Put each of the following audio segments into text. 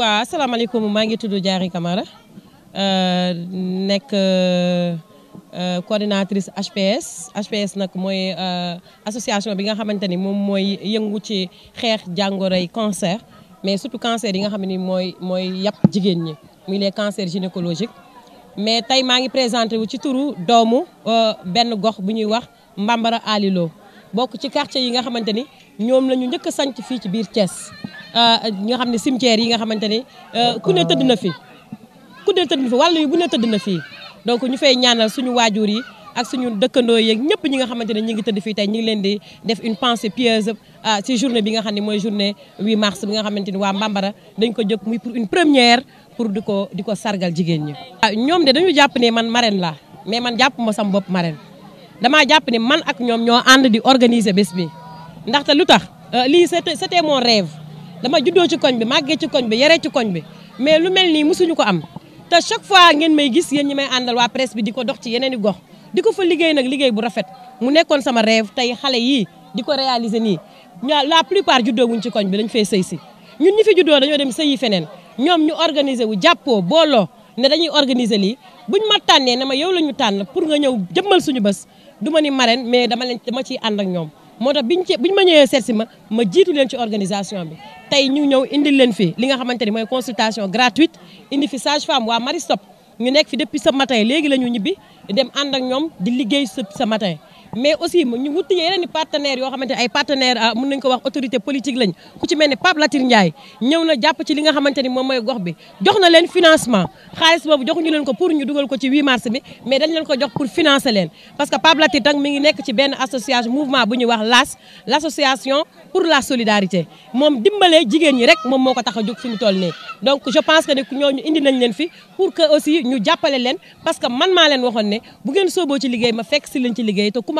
waaw asalaamaaleykum maa ngi tudd Diary Camara euh, nekk euh, coordinatrice HPS HPS nag mooy euh, association bi nga xamante ni moom mooy yëngu ci xeex jàngoroy cancer mais surtout cancer yi nga xam ne mooy mooy yàpp jigéen ñi muy les cancers gynécologiques mais tey maa ngi présenté wu ci turu doomu benn gox bu ñuy wax Mbambara Alilo bokk ci quartier yi nga xamante ni ñoom lañu njëkk a sanc fii ci biir Thiès Euh, nga xam ne cimetière yi nga xamante ne euh, ku ne tëdd na fi ku ne tëdd na fi wàllu yi bu ne tëdd na fii donc ñu fay ñaanal suñu waajur yi ak suñu dëkkandoo yeeg ñëpp ñi nga xamante ne ñu ngi tëdd fii tey ñu ngi leen di def une pensée pieuse euh, ci bi nga xam ne mooy journée 8 mars bi nga xamante ni waa Mbambara dañ ko jóg muy pour une première pour di ko di sargal jigéen ñi. Ah, ñoom de dañu jàpp ne man marraine la mais man jàpp ma bopp marraine damaa jàpp ne man ak ñoom ñoo ànd di organiser bés bi ndaxte lu tax lii c'était c'était mon rêve. dama juddoo ci koñ bi màggee ci koñ bi yare ci koñ bi mais lu mel nii mosuñu ko am te chaque fois ngeen may gis yéen ñi may àndal waa presse bi di ko dox ci yeneen i gox di ko fa liggéey nag liggéey bu rafet mu nekkoon sama rêve tey xale yii di ko réaliser nii ñaa la plupart juddoo wuñ ci koñ bi dañ fee sëy si ñun ñi fi juddoo dañoo dem sëyi feneen ñoom ñu organiser wu jàppoo booloo ne dañuy organiser lii buñ ma tànnee ne ma yow la ñu tànn pour nga ñëw jëmmal suñu bés du ma ni marraine mais dama leen dama ciy ànd ak ñoom moo tax biñ ci biñ ma ñëwee seet si ma ma jiitu leen ci organisation bi tey ñu ñëw indi leen fi li nga xamante ni mooy consultation gratuite indi fi sage femme waa Maristop ñu nekk fi depuis ce matin léegi la ñu ñibbi dem ànd ak ñoom di liggéey ce matin mais aussi ñu wuti yeneen i partenaires yoo xamante ne ay partenaires ah, mën nañ ko wax autorité politique lañ ku ci mel ne Pape ñëw na jàpp ci li nga xamante ni moom mooy gox bi jox na leen financement xaalis boobu joxuñu leen ko pour ñu dugal ko ci 8 mars bi leen ko jox pour financer leen parce que Pape Latir tam mi ngi nekk ci benn association mouvement bu ñuy wax LAS l'association pour la solidarité moom dimbalee jigéen ñi rek moom moo ko tax a jóg fi ni toll nii donc je pense que ne ñooñu leen fi pour que leen parce que man maa leen waxoon ne bu ngeen sooboo ci liggéey liggéey te ku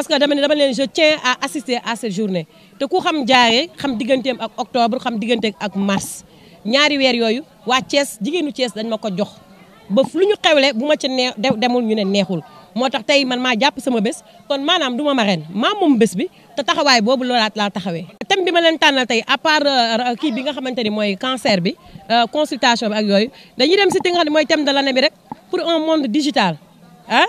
parce que dama ne dama leen je tiens à assister journée te ku xam jaaree xam digganteem ak octobre xam digganteem ak mars ñaari weer yooyu waa Thiès jigéenu Thiès dañ ma ko jox ba lu ñu xewle bu ma ca nee demul ñu ne neexul moo tax tey man maa jàpp sama bés kon maanaam du ma marraine maa moom bés bi te taxawaay boobu loolaat laa taxawee. thème bi ma leen tànnal tey à part euh, kii bi nga xamante ni mooy cancer bi euh, consultation bi ak yooyu dañuy dem si ti nga xam ne mooy thème de l'année bi rek pour un monde digital ah.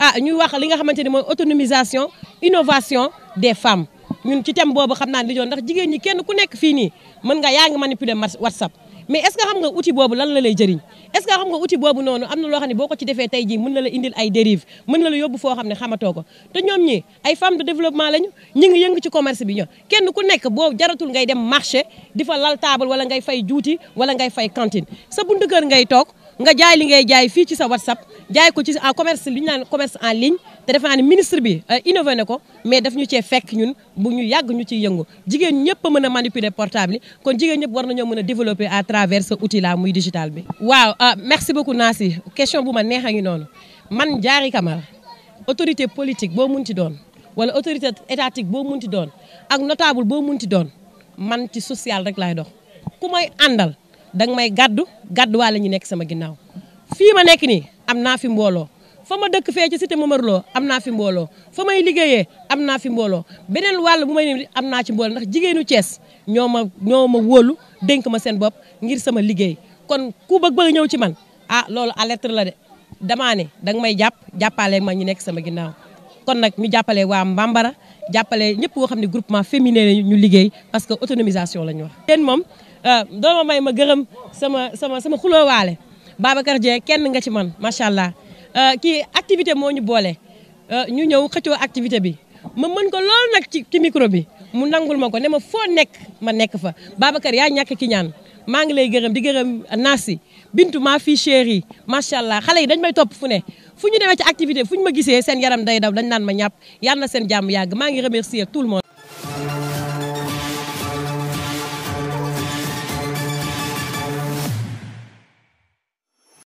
ah ñu wax li nga xamante ni mooy autonomisation inovation des femmes ñun ci tem boobu xam naa li joon ndax jigéen ñi kenn ku nekk fii nii mën nga yaa ngi manipuler WhatsApp mais est-ce que xam nga outil boobu lan la lay jëriñ est-ce que xam nga outil boobu noonu am na loo xam ne boo ko ci defee tey jii mën na la indil ay dérive mën na la yóbbu foo xam ne xamatoo ko te ñoom ñi ay femmes de développement lañu ñu ngi yëngu ci commerce bi ñoo kenn ku nekk boo jaratul ngay dem marché di fa lal wala ngay fay juuti wala ngay fay cantine sa buntu kër ngay toog nga jaay li ngay jaay fii ci sa WhatsApp jaay ko ci commerce li ñu commerce en ligne te defe naa ne ministre bi euh, innové na ko mais daf ñu cee fekk ñun bu ñu yàgg ñu ci yëngu jigéen ñëpp mën a manipuler portable kon jigéen ñëpp war nañoo mën a développer à travers ce outil muy digital bi. waaw euh, merci beaucoup Nancy question bu ma neex a ngi noonu man Diary Camara autorité politique boo mun ci doon wala autorité étatique boo mun ci doon ak notable boo mun ci doon man ci social rek laay dox may àndal. danga may gàddu gàdduwaale ñi nekk sama ginnaaw fii ma nekk nii am naa fi mbooloo foo ma dëkk fee ci cité Momar am naa fi mbooloo fa may liggéeyee am naa fi mbooloo beneen wàll bu may ne am naa ci mbooloo ndax jigéenu cees ñoo ma ñoo ma wóolu dénk ma seen bopp ngir sama liggéey kon ku bëgg bëgg ñëw ci man ah loolu alerte la de damaa danga may jàpp jàppale ma ñu nekk sama ginnaaw kon nag ñu jàppalee waa Mbambara jàppalee ñëpp koo xam ne groupement féminin ñu liggéey parce que autonomisation la ñu moom Euh, dooma may ma gërëm sama sama sama xuloowaale Babacar jee kenn nga ci man macha allah euh, kii activité moo ñu boole euh, ñu ñëw xëccoo activité bi ma mën ko loolu nag ci ci micro bi mu nangul ma ko ne ma foo nekk ma nekk fa Babacar yaa ñàkk ki ñaan maa ngi lay gërëm di gërëm naasi bintu maa fii chéri yi macha allah xale yi dañ may topp fu ne fu ñu demee ci activité fu ñu ma gisee seen yaram day daw dañ naan ma ñàpp yàlla na seen jàmm yàgg maa ngi remercier tout le monde